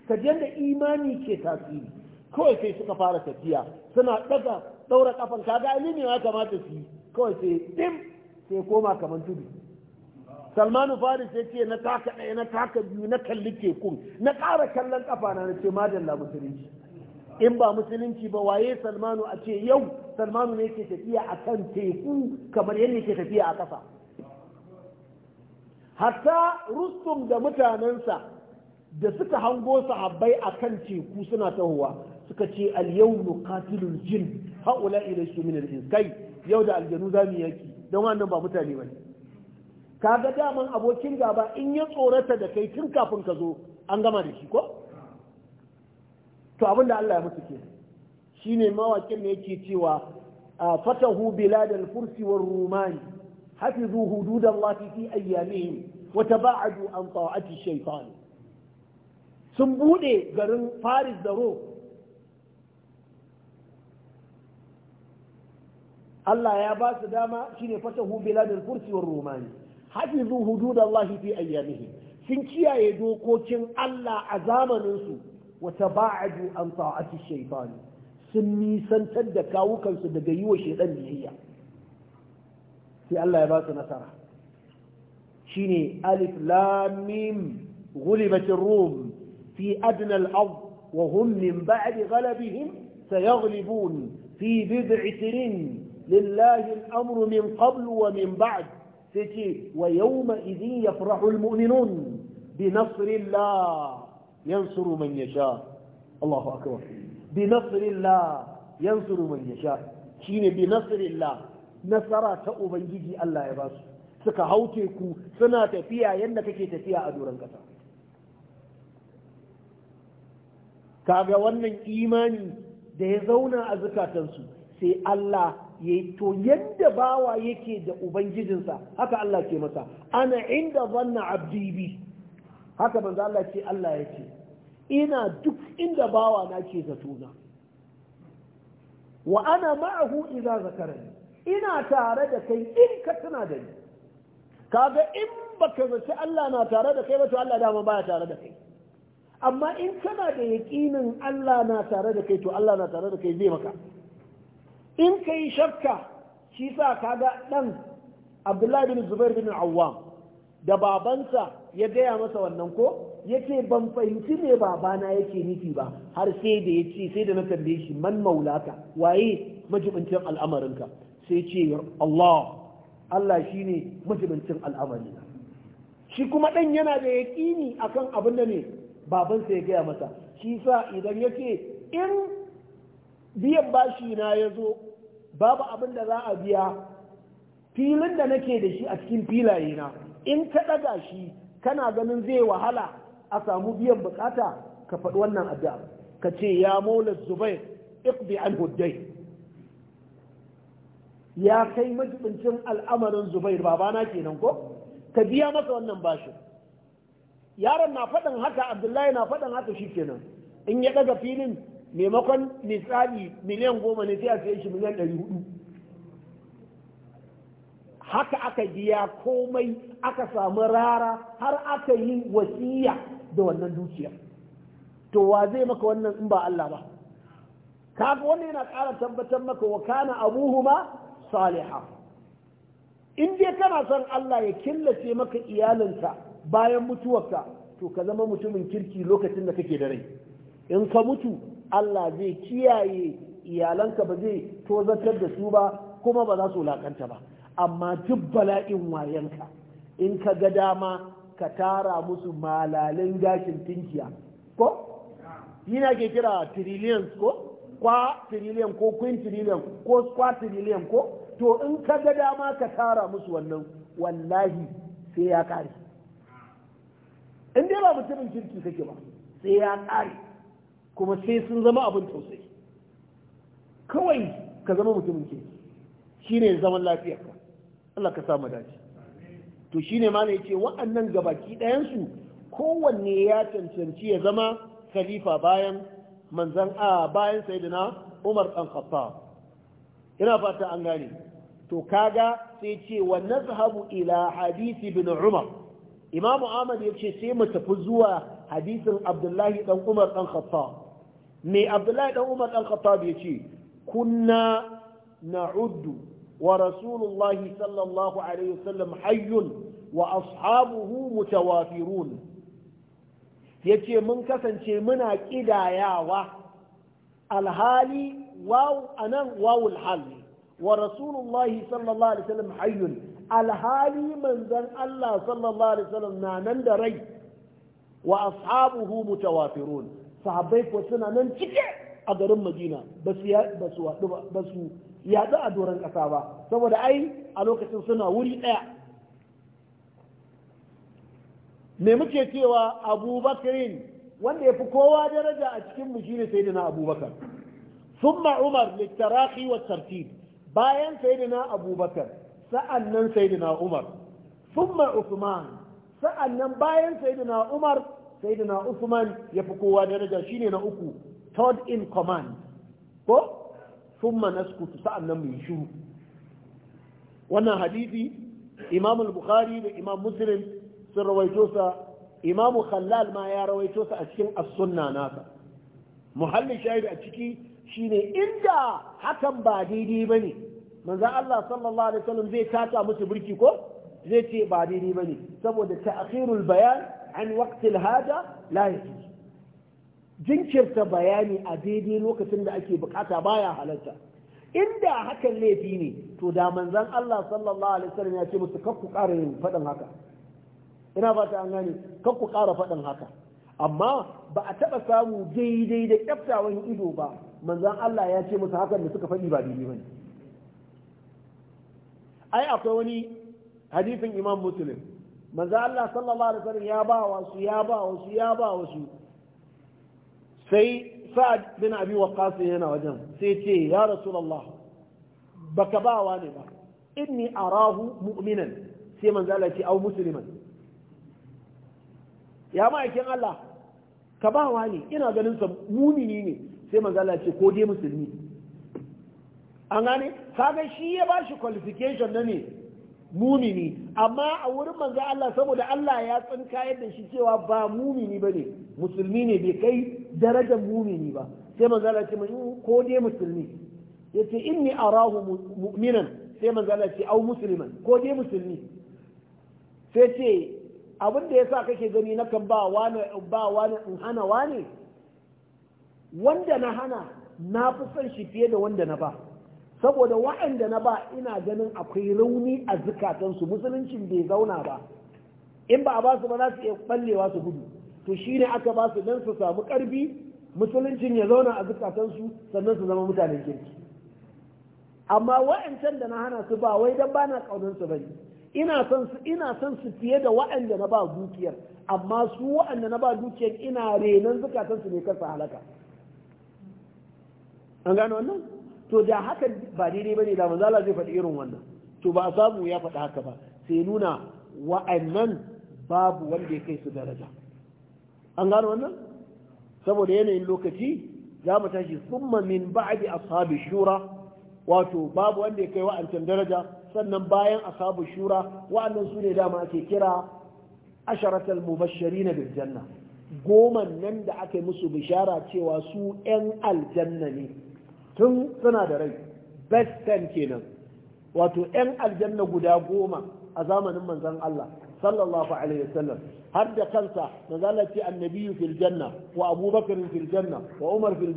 A: ka ji yanda imani ke tasiri kawai sai suka fara tafiya suna daga daura kafan kaga alimi ya kamata su yi kawai sai dim sai koma kamar tudu salmanu faris ya ce na taka ɗaya na taka biyu na kalli tekun na ƙara kallon kafa na na ce madalla musulunci in ba musulunci ba waye salmanu a ce yau salmanu ne ke tafiya a kan teku kamar yadda ke tafiya a ƙasa hatta rustum da mutanensa da suka hango sahabbai a kan teku suna tahowa suka ce al-yawmu qatilul jin haula shi min al-ins kai yau da aljanu zamu yaki don wannan ba mutane bane kaga daman abokin gaba in ya tsorata da kai tun kafin ka zo an gama da shi ko to abin da Allah ya musu ke shine mawakin ne yake cewa fatahu bilad al-furs war rumani hafizu hududallahi fi ayyamihim wa taba'adu an ta'ati shaytan sun bude garin Faris da Rome Allah ya ba su dama shine fatahu biladul fursi war rumani hafizu hududallahi fi ayyamihi sun kiyaye dokokin Allah a zamanin su wa taba'adu an ta'ati shaytan sun nisantar da kawukansu daga yi wa shaidan biyayya sai Allah ya ba su nasara shine alif lam mim ghulibatir rum fi adna al-ard wa hum min ba'di ghalabihim sayaglibun fi bid'i sinin lillahi amru min qablu wa min ba'd sai ce wa yauma idhin yafrahu almu'minun bi nasrillah yansuru man yasha Allahu akbar bi nasrillah yansuru man yasha shine bi nasara ta ubangiji Allah ya basu suka hau teku suna tafiya yadda kake tafiya a duran ƙasa kaga wannan imani da ya zauna a zukatansu sai Allah yayi to yadda bawa yake da ubangijinsa haka Allah ke masa ana inda zanna abdi bi haka manzo Allah ce Allah yake ina duk inda bawa na ke zatuna wa ana ma'ahu idza zakarani ina tare da kai in ka tana da ni kaga in baka zaci Allah na tare da kai ba to Allah dama baya tare da kai amma in kana da yaqinin Allah na tare da kai to Allah na tare da kai zai maka in ka yi shakka shi sa kaga ɗan abdullahi bin zubair bin awwam da babansa ya gaya masa wannan ko yace ban fahimci me babana yake nufi ba har sai da ya ce sai da na tambaye shi man maulaka waye majibincin al'amarinka sai ce Allah Allah shine majibincin al'amarina shi kuma ɗan yana da yaƙini akan abin da ne babansa ya gaya masa shi sa idan yake in biyan bashi na ya zo babu abin da za a biya filin da nake da shi a cikin filaye na in ka ɗaga shi kana ganin zai wahala a samu biyan bukata ka faɗi wannan addu'a ka ce ya maula zubair iqbi an huddai ya kai majibincin al'amarin zubair babana kenan ko ka biya masa wannan bashin yaron na faɗin haka abdullahi na faɗin haka shi kenan in ya ɗaga filin maimakon misali miliyan goma ne sai a sai shi miliyan ɗari hudu haka aka biya komai aka samu rara har aka yi wasiya da wannan dukiya to wa zai maka wannan in ba Allah ba kaga wannan yana ƙara tabbatar maka wa kana abuhuma saliha in dai kana son Allah ya killace maka iyalinka bayan mutuwarka to ka zama mutumin kirki lokacin da kake da rai in ka mutu Allah zai kiyaye iyalanka ba zai tozatar da su ba kuma ba za su lakanta ba amma duk bala'in wayanka in ka ga dama ka tara musu malalin gashin tinkiya ko yana ke kira trillion ko kwa trillion ko queen trillion ko kwa trillion ko to in ka ga dama ka tara musu wannan wallahi sai ya kare in dai ba mutumin kirki kake ba sai ya kare kuma sai sun zama abin tausayi kawai ka zama mutumin ke shi ne zaman lafiyarka Allah ka samu dace to shi ne ma ne ce wa'annan gabaki ɗayansu kowanne ya cancanci ya zama khalifa bayan manzan a bayan sayyidina Umar ɗan ina fata an gane to kaga sai ce wa nazhabu ila hadisi bin Umar Imam Ahmad yace sai mu tafi zuwa hadisin Abdullahi dan Umar dan Khattab mai abdullahi dan umar dan khattab ya ce kunna na na'uddu wa rasulullahi sallallahu alaihi wasallam hayyun wa ashabuhu mutawafirun ce mun kasance muna kidayawa alhali waw anan wawul hal wa rasulullahi sallallahu alaihi wasallam hayyun alhali manzon Allah sallallahu alaihi wasallam na nan da rai wa ashabuhu mutawafirun sahabbai ko suna nan cike a garin madina ba su yaɗu a doron ƙasa ba saboda ai a lokacin suna wuri ɗaya me muke cewa abubakarin wanda ya fi kowa daraja a cikinmu shine sayyidina abubakar summa umar littarahi wa tartib bayan sayyidina abubakar sa'annan sayyidina umar summa usman sa'annan bayan sayyidina umar na Usman ya fi kowa daraja shine na uku third in command ko thumma naskutu sa'annan mu yi shiru wannan hadisi Imam al-Bukhari da Imam Muslim sun rawaito sa Imam Khallal ma ya rawaito sa a cikin as-sunna nasa muhallin shahid a ciki shine inda hakan ba daidai bane manzo Allah sallallahu alaihi wasallam zai tata musu birki ko zai ce ba daidai bane saboda ta'khirul bayan an waqtil hada la jinkirta bayani a daidai lokacin da ake bukata baya halarta inda hakan laifi ne to da manzon Allah sallallahu alaihi wasallam ya ce musu ƙara faɗin haka ina ba an gane kakku ƙara faɗin haka amma ba a taɓa samu daidai da kyaftawan ido ba manzan Allah ya ce musu hakan da suka faɗi ba daidai ba ne ai akwai wani hadisin imam muslim manzo Allah sallallahu alaihi wasallam ya ba wasu ya ba wasu ya ba wasu sai sa'ad bin abi waqqas yana wajen sai ce ya rasulullah baka ba wa ne ba inni arahu mu'minan sai manzo Allah ce au musliman ya ma'aikin Allah ka ba wa ne ina ganin sa mumini ne sai manzo Allah ce ko dai musulmi an gane kaga shi ya bashi shi qualification na ne mumini amma a wurin manzo Allah saboda Allah ya tsinka yadda shi cewa ba mumini bane musulmi ne bai kai darajar mumini ba sai manzo Allah ce mai mm, ko dai musulmi yace inni arahu mu'minan sai manzo Allah ce au musliman ko dai musulmi sai ce abin da yasa kake gani na kan ba wani ba wani in hana wani wanda na hana na fi son shi fiye da wanda na ba saboda wa'anda na ba ina ganin akwai rauni a zukatansu musuluncin bai zauna ba in ba a ba su ba za su iya ballewa su gudu to shi ne aka ba su don su samu ƙarfi, musuluncin ya zauna a zukatansu sannan su zama mutanen kirki amma wa'ancan da na hana su ba wai dan bana ƙaunar su bane ina son su ina son su fiye da wa'anda na ba dukiyar amma su wa'anda na ba dukiyar ina renan zukatansu ne kasa halaka an gano wannan to da haka ba daidai ne da manzo zai faɗi irin wannan to ba a samu ya faɗi haka ba sai nuna wa'annan babu wanda ya kai su daraja an gano wannan saboda yanayin lokaci za mu tashi summa min ba'di ashabi shura wato babu wanda ya kai wa'ancan daraja sannan bayan ashabu shura wa'annan su ne dama ake kira asharatal mubashshirin bil janna goman nan da aka musu bishara cewa su 'yan aljanna ne tun suna da rai best kenan wato 'yan aljanna guda goma a zamanin manzon Allah sallallahu alaihi wasallam har da kansa da zalace annabiyu fil wa abubakar fil janna wa umar fil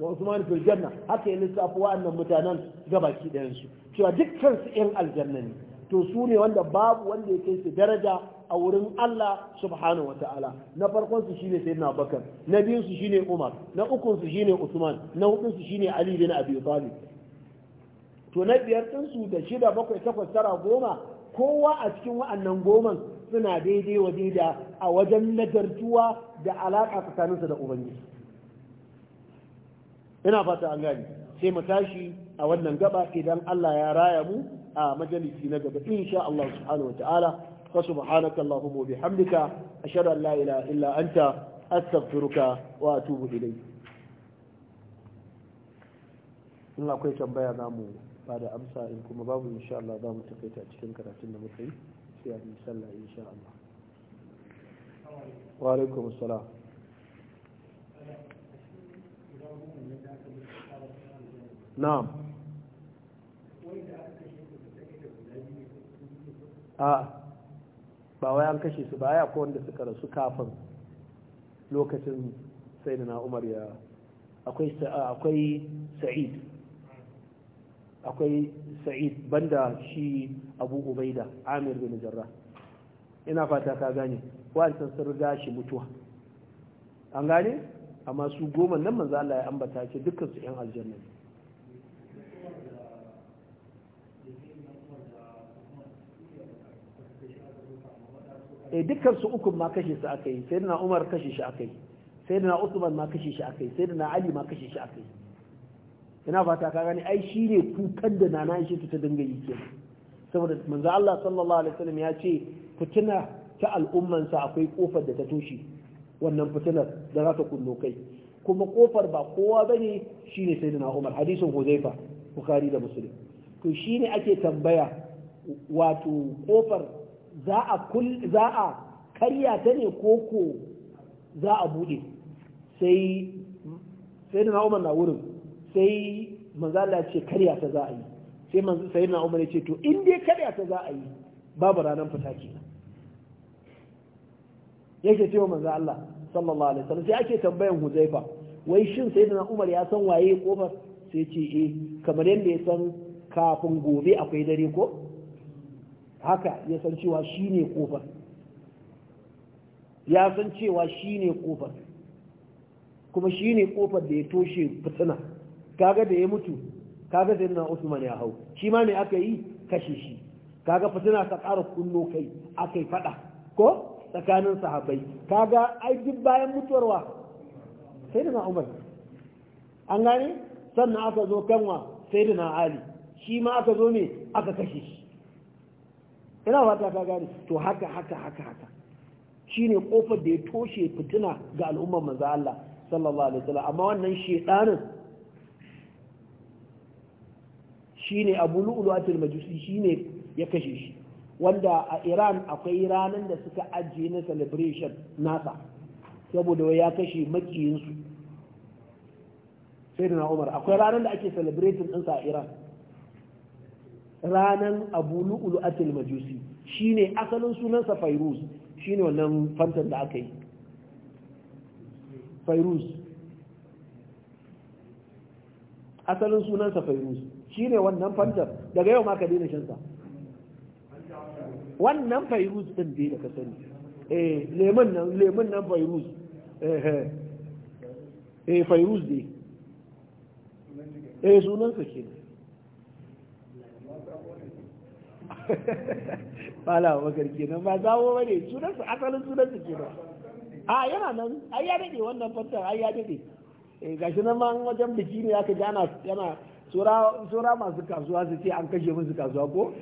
A: wa usman fil janna haka ya lissafi annan mutanen gabaki ɗayan su cewa dukkan su 'yan aljanna ne to su ne wanda babu wanda ya kai su daraja a wurin Allah subhanahu wata'ala na farkon su shine na bakar na biyun su shine Umar na ukun su shine Usman na hudun su shine Ali bin Abi Talib to na biyar din su da shida bakwai takwas tara goma kowa a cikin wa'annan goman suna daidai wa da a wajen nagartuwa da alaƙa tsakaninsa da Ubangiji ina fata an gani sai mu tashi a wannan gaba idan Allah ya raya mu a majalisi na gaba insha Allah subhanahu wataala fa subhanaka allahumma wa bihamdika ashhadu an la ilaha illa anta astaghfiruka wa atubu ilayk in akwai tambaya namu ba da amsa in kuma babu insha Allah za mu takaita cikin karatun da muka yi sai a yi sallah insha Allah wa alaikum assalam na'am a ba wai an kashe su ba ya ko wanda suka rasu kafin lokacin sai na umar ya akwai sa'id akwai sa'id banda shi abu ubaida amir bin jarra ina fata ka gane wancan sun riga shi mutuwa an gane amma su goma nan manzo Allah ya ambata ce dukkan su yan aljanna eh dukkan ukun ma kashe su aka yi Umar kashe shi aka yi sayyidina Uthman ma kashe shi aka yi sayyidina Ali ma kashe shi aka yi ina fata ka gani ai shine kukan da nana Aisha ta dinga yi kenan saboda manzo Allah sallallahu alaihi wasallam ya ce fitina ta al'umman sa akwai kofar da ta toshe wannan fitinar da za ta kullo kai kuma kofar ba kowa bane shine sayyidina Umar hadisin Huzaifa Bukhari da Muslim to shine ake tambaya wato kofar za a za a karya ta ne ko ko za a bude sai sai na Umar na wurin sai manzala ce karya ta za a yi sai sai na Umar ya ce to in ya karya ta za a yi babu ranar fita ke yake wa Manza Allah sallallahu alaihi wasallam sai ake tambayan Huzaifa wai shin na Umar ya san waye kofar sai ce eh kamar yadda ya san kafin gobe akwai dare ko haka ya san cewa shi ne kofar ya san cewa shi ne kofar kuma shi ne kofar da ya toshe fitina kaga da ya mutu kaga sai na Usman ya hau shi ma me aka yi kashe shi kaga fitina ta ƙara kunno kai aka yi faɗa ko tsakanin sahabbai kaga ai duk bayan mutuwarwa sai da na Umar an gane sannan aka zo kanwa sai da na Ali shi ma aka zo ne aka kashe shi ina wata ka gane to haka haka haka haka shine kofar da ya toshe fitina ga al'ummar manzo Allah sallallahu alaihi wasallam amma wannan shedanin shine Abu Lu'lu'atul Majusi shine ya kashe shi wanda a Iran akwai ranan da suka ajiye na celebration nasa saboda wai ya kashe makiyinsu sai da na Umar akwai ranar da ake celebrating sa a Iran ranan abu lu'ulu atil majusi shine asalin sunansa fairuz shine wannan fantan da aka yi fairuz asalin sunansa fairuz shine wannan fantan daga yau ma ka daina shansa wannan fairuz din dai da ka sani eh lemon nan lemon nan fairuz eh eh fairuz dai eh sunansa kenan mala bakar kenan ba za a wane su asalin sunansu ke ba. a yana nan ai ya daɗe wannan fantan ai ya dade eh, ga shi nan ma wajen biki ne aka gana yana tsora masu kasuwa su ce an kashe musu kasuwa ko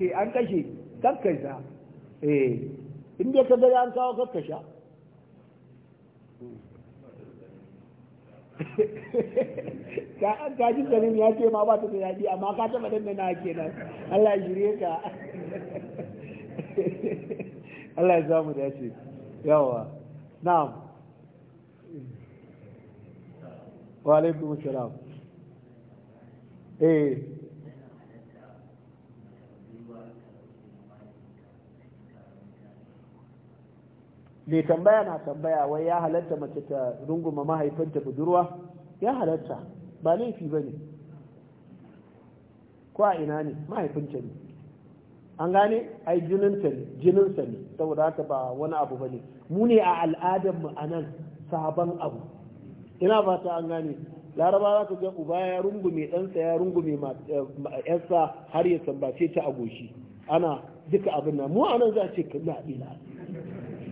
A: eh, an kashe kakkasha eh inda ka ga an kawo kakkasha ka ji sanin ya ce ma ba ta da amma ka taɓa dandana kenan Allah ya ka Allah ya zamu shi yawa na'am wa alaikum salam eh mai tambaya na tambaya wai ya halatta mace ta runguma mahaifinta budurwa ya halatta ba laifi ba ne ko a ina ne mahaifinta ne an gane ai jininta ne jininsa ne saboda haka ba wani abu ba ne mu ne a al'adar a nan sabon abu ina fata an gane laraba za ka ga uba ya rungume ɗansa ya rungume yarsa eh, har ya tambace ta a goshi ana duka abin nan mu a nan za ce ka ila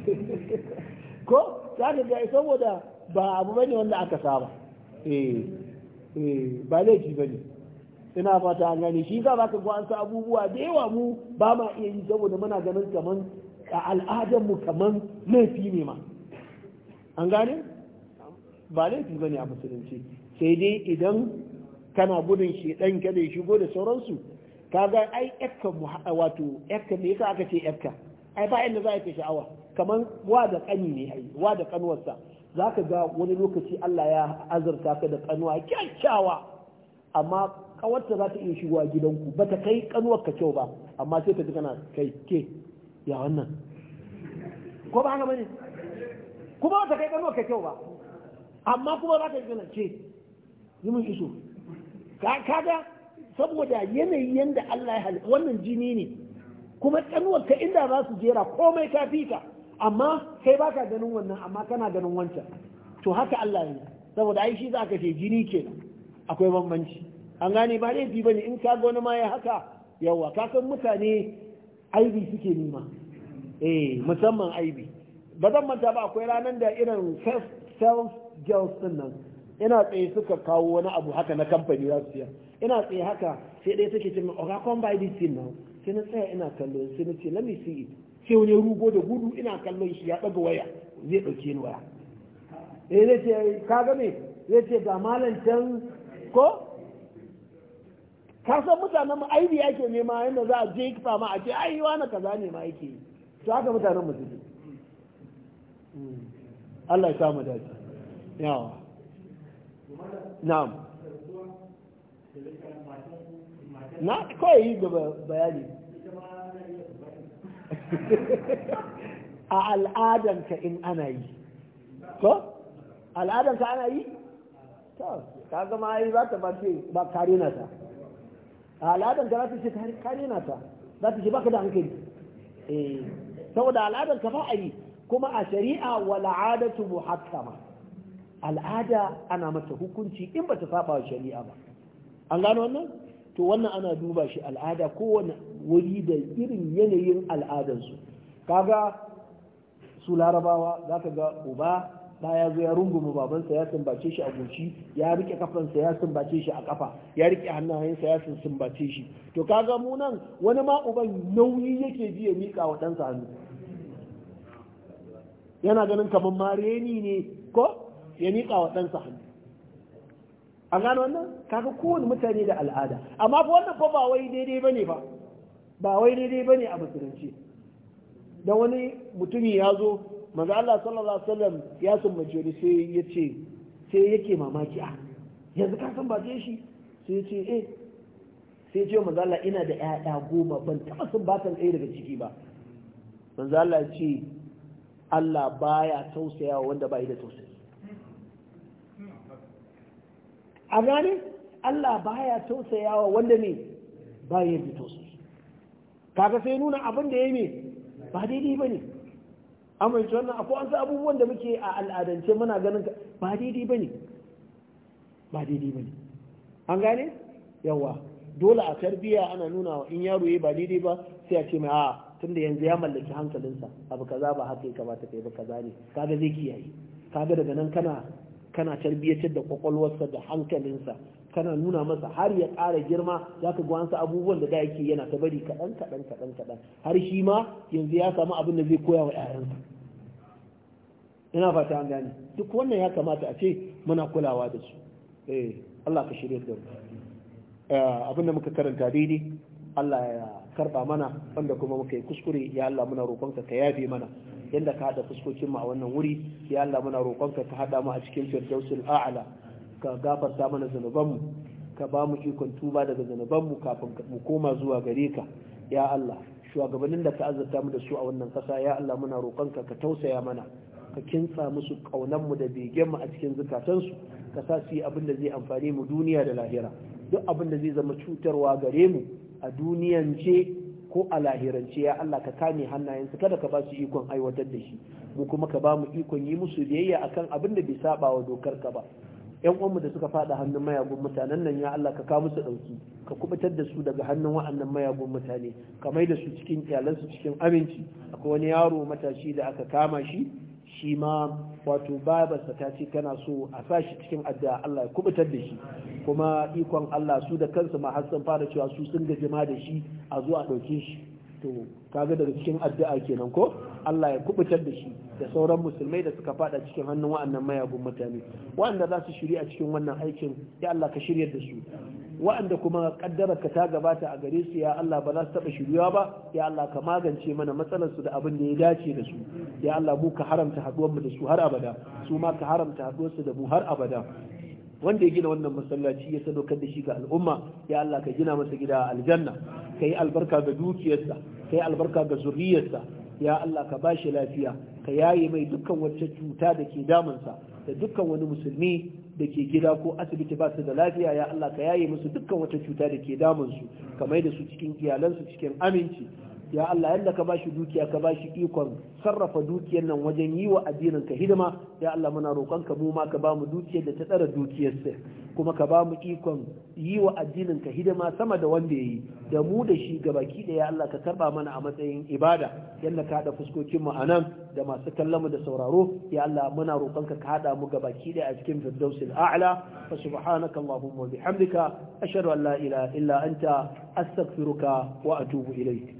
A: ko za ka ga saboda ba abu bane wanda aka saba eh eh ba laifi bane ina fata an gane shi za ka ga an sa abubuwa da yawa mu ba ma iya yi saboda muna ganin kaman a al'adar mu kaman laifi ne ma an gane ba laifi bane a musulunci sai dai idan kana gudun dan kada da shigo da sauransu kaga ai ekka wato ekka ne yasa aka ce ekka ai ba inda za a ka sha'awa kamar wa da kani ne hayi, wa da kanuwarsa zaka ga wani lokaci Allah ya azurta ka da kanuwa kyakkyawa amma kawarta za ta iya shigowa gidanku ba ta kai kanuwar ka kyau ba amma sai ta ji kana kai ke ya wannan ko ba haka bane kuma ba ta kai kanuwar ka kyau ba amma kuma za ta ji kana ce yi mun iso kaga saboda yanayi yanda Allah ya halitta wannan jini ne kuma kanuwar ka inda za su jera komai ka fita amma kai baka ganin wannan amma kana ganin wancan to haka Allah ne saboda ai shi za ka ce jini ke, akwai bambanci an gane ba laifi bane in ka ga wani ma ya haka yawa ka san mutane aibi suke nima eh musamman aibi ba zan manta ba akwai ranar da irin self self girls din nan ina tsaye suka kawo wani abu haka na kamfani za siya ina tsaye haka sai dai take ce min oga come buy this thing now sai na tsaya ina kallo sai na ce let me sai wani rubo da gudu ina kallon shi ya ɗaga waya zai ɗauke ni waya eh zai ce ka ga me zai ce ga malam can ko ka san mutanen mu aibi yake nema yadda za a je ki fama a ce ai wani kaza ne ma yake to haka mutanen mu suke hmm. Allah ya sa mu dace yawa na'am na kawai yi gaba bayani a al'adanka in ana yi ko al'adanka ana yi to ka zama yi ba ta ba ba kare na ta a al'adanka za ta ce kare na ta za ta ce baka da hankali eh saboda al'adanka ba a yi kuma a shari'a wala adatu muhakkama al'ada ana mata hukunci in ba ta saba wa shari'a ba an gano wannan to wannan ana duba shi al'ada kowane wuri da irin yanayin al'adarsu kaga su larabawa za ka ga uba da ya zo ya rungume babansa ya sumbace shi a goshi ya rike kafansa ya sumbace shi a kafa ya rike hannayensa ya sumbace shi to kaga mu nan wani ma uban nauyi yake ji ya mika wa ɗansa hannu yana ganin kamar mareni ne ko ya mika wa ɗansa hannu an gano wannan kaga kowane mutane da al'ada amma fa wannan fa ba wai daidai bane ba ba wai daidai bane a musulunci da wani mutumi ya zo manzo Allah sallallahu alaihi wasallam ya sumbace wani sai ya ce sai yake mamaki a ah, yanzu ka san ba shi sai ya ce eh sai ce manzo Allah ina da ƴaƴa goma ban taɓa sun batan ɗaya daga ciki ba manzo Allah ce Allah baya tausaya wanda ba yi da tausayi a gane Allah baya tausayawa wanda ne ba ya ji tausayi kaga sai nuna abin da ya ne ba daidai ba ne amma wannan akwai an abubuwan da muke a al'adance muna ganin ba daidai ba ne ba daidai ba ne an gane yawa dole a tarbiyya ana nuna wa in yaro ya ba daidai ba sai a ce mai a tunda yanzu ya mallaki hankalinsa abu kaza ba haka ya kamata kai ba kaza ne kaga zai kiyaye kaga daga nan kana kana tarbiyyatar da kwakwalwarsa da hankalinsa kana nuna masa har ya ƙara girma za ka gwansa abubuwan da da yake yana ta bari kaɗan kaɗan kaɗan kaɗan har shi ma yanzu ya samu abin da zai koya wa 'ya'yansa ina fata an gane duk wannan ya kamata a ce muna kulawa da su eh Allah ka shirye da mu eh, abin da muka karanta daidai Allah ya karba mana wanda kuma muka yi kuskure ya Allah muna roƙonka ka yafe mana yanda ka hada fuskokin mu a wannan wuri ya Allah muna roƙonka ka hada mu a cikin firdausul a'la ka gafarta mana mu ka ba mu ikon tuba daga mu kafin mu koma zuwa gare ka ya Allah shugabannin da ka azurta mu da su a wannan kasa ya Allah muna roƙonka ka tausaya mana ka kinsa musu kaunan mu da begen mu a cikin su ka sa su yi abin da zai amfani mu duniya da lahira duk abin da zai zama cutarwa gare mu a duniyan ce ko a lahirance ya Allah ka kame hannayensu kada ka ba su ikon aiwatar da shi mu kuma ka ba mu ikon yi musu biyayya akan abin da bai saba wa dokar ka ba yan uwanmu da suka fada hannun mayagun mutanen nan ya Allah ka kawo musu dauki ka kubutar da su daga hannun waɗannan mayagun mutane ka mai da su cikin iyalansu cikin aminci akwai wani yaro matashi da aka kama shi shi ma wato babarsa ta ce tana so a sa cikin addu'a Allah ya kubutar da shi kuma ikon Allah su da kansu ma har sun fara cewa su sun gaji ma da shi a zo a ɗauke shi to kaga daga cikin addu'a kenan ko Allah ya kubutar da shi da sauran musulmai da suka fada cikin hannun wa'annan mayagun mutane wa'anda za su shirya a cikin wannan aikin ya Allah ka shirya da su wa'anda kuma kaddararka ta gabata a gare su ya Allah ba za su taba shiryuwa ba ya Allah ka magance mana matsalar su da abin da ya dace da su ya Allah mu ka haramta haduwar mu da su har abada su ma ka haramta haduwar su da mu har abada wanda ya gina wannan masallaci ya sadaukar da shi ga al'umma ya Allah ka gina masa gida aljanna ka yi albarka ga dukiyarsa ka yi albarka ga zuriyarsa ya Allah ka bashi lafiya ka yaye mai dukkan wata cuta da ke damansa da dukkan wani musulmi da ke gida ko asibiti ba su da lafiya ya Allah ka yaye musu dukkan wata cuta da ke damunsu ka mai da su cikin iyalansu cikin aminci ya Allah yadda ka bashi dukiya ka bashi ikon sarrafa dukiyar nan wajen yi wa addinin ka hidima ya Allah muna roƙon ka mu ma ka bamu dukiyar da ta tsara dukiyar sa kuma ka bamu ikon yi wa addinin ka hidima sama da wanda yayi da mu da shi gabaki da ya Allah ka karba mana a matsayin ibada yadda ka haɗa fuskokin mu anan da masu kallon mu da sauraro ya Allah muna roƙon ka ka hada mu gabaki da a cikin firdausil a'la fa subhanaka allahumma wa bihamdika ashhadu an la ilaha illa anta astaghfiruka wa atubu ilayk